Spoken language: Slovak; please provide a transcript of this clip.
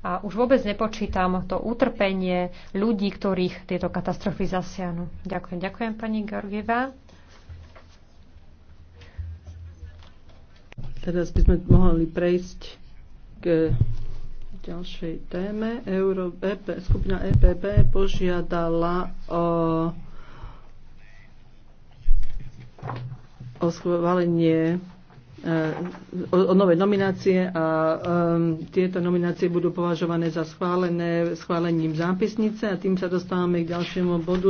a už vôbec nepočítam to utrpenie ľudí, ktorých tieto katastrofy zasiahnu. Ďakujem. Ďakujem pani Georgieva. Teraz by sme mohli prejsť k ďalšej téme. Euro, EP, skupina EPP požiadala o, o schválenie Eh, o, nové nominácie a um, tieto nominácie budú považované za schválené schválením zápisnice a tým sa dostávame k ďalšiemu bodu.